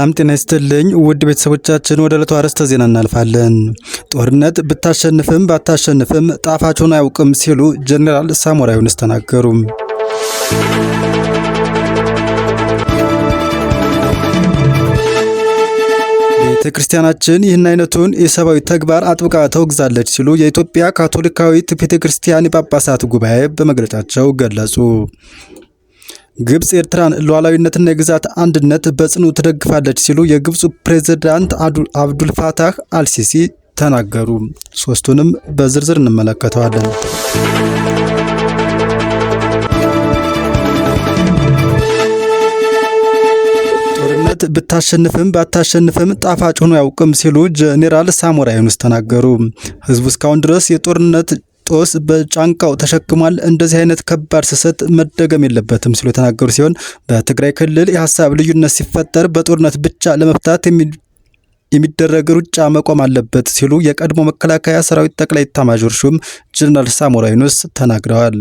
ሰላም ጤና ይስጥልኝ ውድ ቤተሰቦቻችን፣ ወደ ዕለቱ አርዕስተ ዜና እናልፋለን። ጦርነት ብታሸንፍም ባታሸንፍም ጣፋቸውን አያውቅም ሲሉ ጀኔራል ሳሞራ ዩኑስ ተናገሩ። ቤተ ክርስቲያናችን ይህን አይነቱን የሰብአዊ ተግባር አጥብቃ ተወግዛለች ሲሉ የኢትዮጵያ ካቶሊካዊት ቤተ ክርስቲያን የጳጳሳት ጉባኤ በመግለጫቸው ገለጹ። ግብጽ ኤርትራን ሉዓላዊነትና የግዛት አንድነት በጽኑ ትደግፋለች ሲሉ የግብፁ ፕሬዝዳንት አብዱልፋታህ አልሲሲ ተናገሩ። ሶስቱንም በዝርዝር እንመለከተዋለን። ጦርነት ብታሸንፍም ባታሸንፍም ጣፋጭ ሆኖ አያውቅም ሲሉ ጄኔራል ሳሞራ ዩኑስ ተናገሩ። ህዝቡ እስካሁን ድረስ የጦርነት ጦስ በጫንቃው ተሸክሟል። እንደዚህ አይነት ከባድ ስህተት መደገም የለበትም ሲሉ የተናገሩ ሲሆን በትግራይ ክልል የሀሳብ ልዩነት ሲፈጠር በጦርነት ብቻ ለመፍታት የሚደረግ ሩጫ መቆም አለበት ሲሉ የቀድሞ መከላከያ ሰራዊት ጠቅላይ ኤታማዦር ሹም ጀነራል ሳሞራ ዩኑስ ተናግረዋል።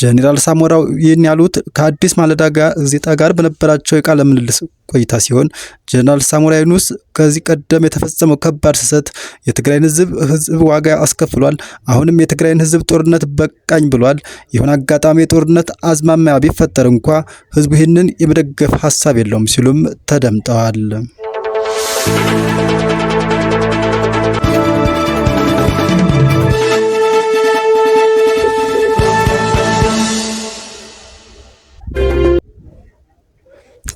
ጄኔራል ሳሞራው ይህን ያሉት ከአዲስ ማለዳ ጋዜጣ ጋር በነበራቸው የቃለ ምልልስ ቆይታ ሲሆን ጄኔራል ሳሞራ ዩኑስ ከዚህ ቀደም የተፈጸመው ከባድ ስህተት የትግራይን ህዝብ ህዝብ ዋጋ አስከፍሏል። አሁንም የትግራይን ህዝብ ጦርነት በቃኝ ብሏል። ይሁን አጋጣሚ የጦርነት አዝማሚያ ቢፈጠር እንኳ ህዝቡ ይህንን የመደገፍ ሀሳብ የለውም ሲሉም ተደምጠዋል።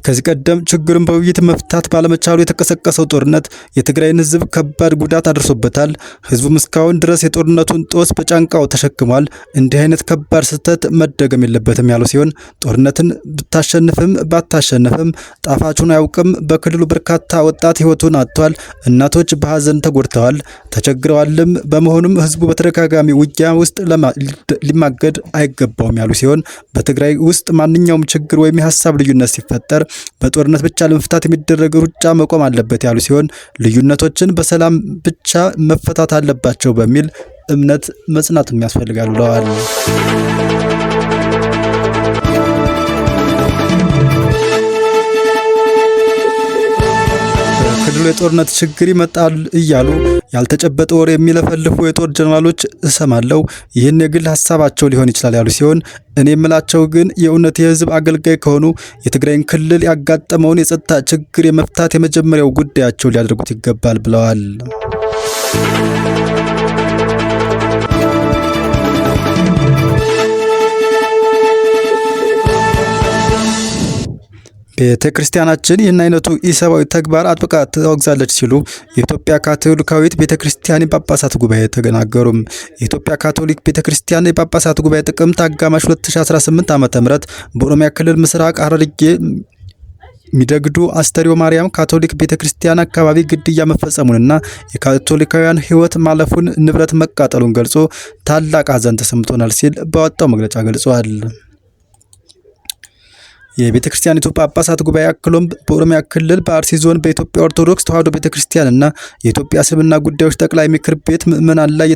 ከዚህ ቀደም ችግርን በውይይት መፍታት ባለመቻሉ የተቀሰቀሰው ጦርነት የትግራይን ህዝብ ከባድ ጉዳት አድርሶበታል። ህዝቡ እስካሁን ድረስ የጦርነቱን ጦስ በጫንቃው ተሸክሟል። እንዲህ አይነት ከባድ ስህተት መደገም የለበትም ያሉ ሲሆን ጦርነትን ብታሸንፍም ባታሸንፍም ጣፋቹን አያውቅም። በክልሉ በርካታ ወጣት ህይወቱን አጥቷል። እናቶች በሀዘን ተጎድተዋል፣ ተቸግረዋልም። በመሆኑም ህዝቡ በተደጋጋሚ ውጊያ ውስጥ ሊማገድ አይገባውም ያሉ ሲሆን በትግራይ ውስጥ ማንኛውም ችግር ወይም የሀሳብ ልዩነት ሲፈጠር በጦርነት ብቻ ለመፍታት የሚደረግ ሩጫ መቆም አለበት ያሉ ሲሆን ልዩነቶችን በሰላም ብቻ መፈታት አለባቸው በሚል እምነት መጽናቱም ያስፈልጋል ብለዋል። የጦርነት ችግር ይመጣል እያሉ ያልተጨበጠ ወር የሚለፈልፉ የጦር ጀነራሎች እሰማለሁ። ይህን የግል ሀሳባቸው ሊሆን ይችላል ያሉ ሲሆን እኔ የምላቸው ግን የእውነት የህዝብ አገልጋይ ከሆኑ የትግራይን ክልል ያጋጠመውን የጸጥታ ችግር የመፍታት የመጀመሪያው ጉዳያቸው ሊያደርጉት ይገባል ብለዋል። ቤተ ክርስቲያናችን ይህን አይነቱ ኢሰብአዊ ተግባር አጥብቃ ታወግዛለች ሲሉ የኢትዮጵያ ካቶሊካዊት ቤተ ክርስቲያን የጳጳሳት ጉባኤ ተገናገሩም። የኢትዮጵያ ካቶሊክ ቤተ ክርስቲያን የጳጳሳት ጉባኤ ጥቅምት አጋማሽ 2018 ዓ ም በኦሮሚያ ክልል ምስራቅ ሐረርጌ ሚደግዱ አስተሪዮ ማርያም ካቶሊክ ቤተ ክርስቲያን አካባቢ ግድያ መፈጸሙንና የካቶሊካውያን ሕይወት ማለፉን ንብረት መቃጠሉን ገልጾ ታላቅ ሐዘን ተሰምቶናል ሲል ባወጣው መግለጫ ገልጿል። የቤተ ክርስቲያኒቱ ጳጳሳት ጉባኤ አክሎም በኦሮሚያ ክልል በአርሲ ዞን በኢትዮጵያ ኦርቶዶክስ ተዋሕዶ ቤተ ክርስቲያንና የኢትዮጵያ እስልምና ጉዳዮች ጠቅላይ ምክር ቤት ምዕመናን ላይ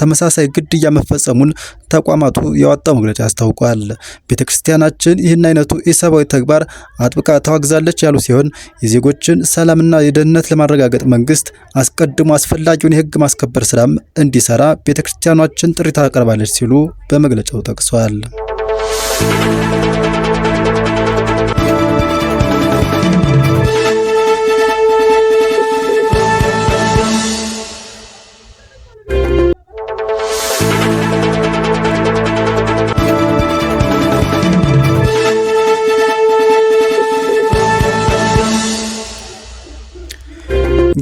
ተመሳሳይ ግድያ መፈጸሙን ተቋማቱ ያወጣው መግለጫ አስታውቋል። ቤተ ክርስቲያናችን ይህን አይነቱ ኢሰብአዊ ተግባር አጥብቃ ታዋግዛለች ያሉ ሲሆን የዜጎችን ሰላምና የደህንነት ለማረጋገጥ መንግስት አስቀድሞ አስፈላጊውን የህግ ማስከበር ስራም እንዲሰራ ቤተ ክርስቲያናችን ጥሪ ታቀርባለች ሲሉ በመግለጫው ጠቅሷል። Yeah.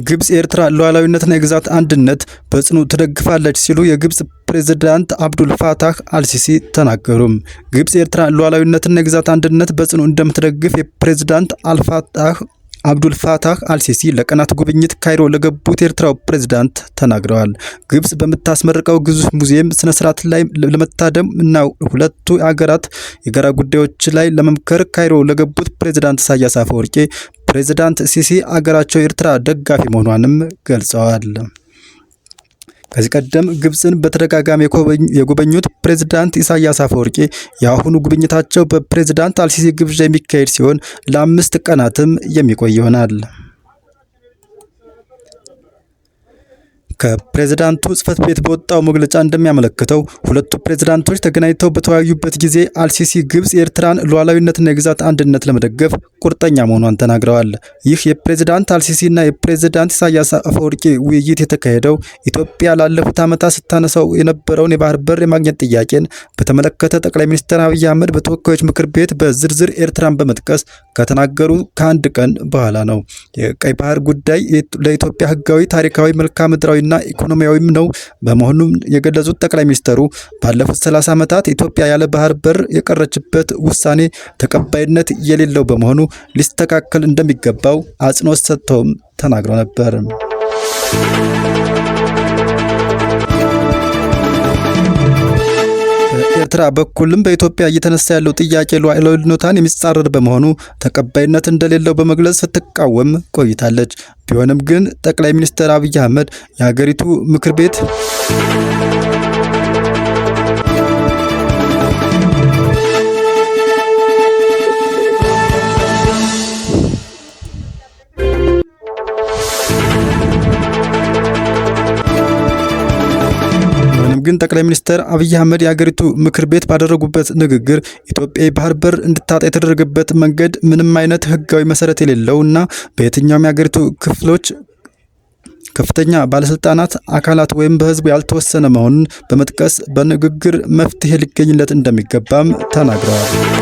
ግብጽ የኤርትራ ሉዓላዊነትና የግዛት አንድነት በጽኑ ትደግፋለች ሲሉ የግብጽ ፕሬዝዳንት አብዱል ፋታህ አልሲሲ ተናገሩም። ግብጽ የኤርትራ ሉዓላዊነትና የግዛት አንድነት በጽኑ እንደምትደግፍ የፕሬዝዳንት አልፋታህ አብዱል ፋታህ አልሲሲ ለቀናት ጉብኝት ካይሮ ለገቡት የኤርትራው ፕሬዝዳንት ተናግረዋል። ግብጽ በምታስመርቀው ግዙፍ ሙዚየም ስነ ስርዓት ላይ ለመታደም እና ሁለቱ አገራት የጋራ ጉዳዮች ላይ ለመምከር ካይሮ ለገቡት ፕሬዝዳንት ኢሳያስ አፈወርቂ ፕሬዚዳንት ሲሲ አገራቸው ኤርትራ ደጋፊ መሆኗንም ገልጸዋል። ከዚህ ቀደም ግብፅን በተደጋጋሚ የጎበኙት ፕሬዚዳንት ኢሳያስ አፈወርቂ የአሁኑ ጉብኝታቸው በፕሬዚዳንት አልሲሲ ግብዣ የሚካሄድ ሲሆን ለአምስት ቀናትም የሚቆይ ይሆናል። ከፕሬዝዳንቱ ጽህፈት ቤት በወጣው መግለጫ እንደሚያመለክተው ሁለቱ ፕሬዝዳንቶች ተገናኝተው በተወያዩበት ጊዜ አልሲሲ ግብጽ የኤርትራን ሉዓላዊነትና የግዛት አንድነት ለመደገፍ ቁርጠኛ መሆኗን ተናግረዋል። ይህ የፕሬዝዳንት አልሲሲና የፕሬዝዳንት ኢሳያስ አፈወርቂ ውይይት የተካሄደው ኢትዮጵያ ላለፉት ዓመታት ስታነሳው የነበረውን የባህር በር የማግኘት ጥያቄን በተመለከተ ጠቅላይ ሚኒስትር አብይ አህመድ በተወካዮች ምክር ቤት በዝርዝር ኤርትራን በመጥቀስ ከተናገሩ ከአንድ ቀን በኋላ ነው። የቀይ ባህር ጉዳይ ለኢትዮጵያ ህጋዊ፣ ታሪካዊ፣ መልክዓ ምድራዊ ማህበራዊና ኢኮኖሚያዊም ነው በመሆኑም የገለጹት ጠቅላይ ሚኒስትሩ ባለፉት 30 ዓመታት ኢትዮጵያ ያለ ባህር በር የቀረችበት ውሳኔ ተቀባይነት የሌለው በመሆኑ ሊስተካከል እንደሚገባው አጽንኦት ሰጥተውም ተናግረው ነበር። ኤርትራ በኩልም በኢትዮጵያ እየተነሳ ያለው ጥያቄ ሉዓላዊነቷን የሚጻረር በመሆኑ ተቀባይነት እንደሌለው በመግለጽ ስትቃወም ቆይታለች። ቢሆንም ግን ጠቅላይ ሚኒስትር አብይ አህመድ የሀገሪቱ ምክር ቤት ጠቅላይ ሚኒስትር አብይ አህመድ የሀገሪቱ ምክር ቤት ባደረጉበት ንግግር ኢትዮጵያ የባህር በር እንድታጣ የተደረገበት መንገድ ምንም አይነት ህጋዊ መሰረት የሌለው እና በየትኛውም የሀገሪቱ ክፍሎች ከፍተኛ ባለስልጣናት፣ አካላት ወይም በህዝቡ ያልተወሰነ መሆኑን በመጥቀስ በንግግር መፍትሄ ሊገኝለት እንደሚገባም ተናግረዋል።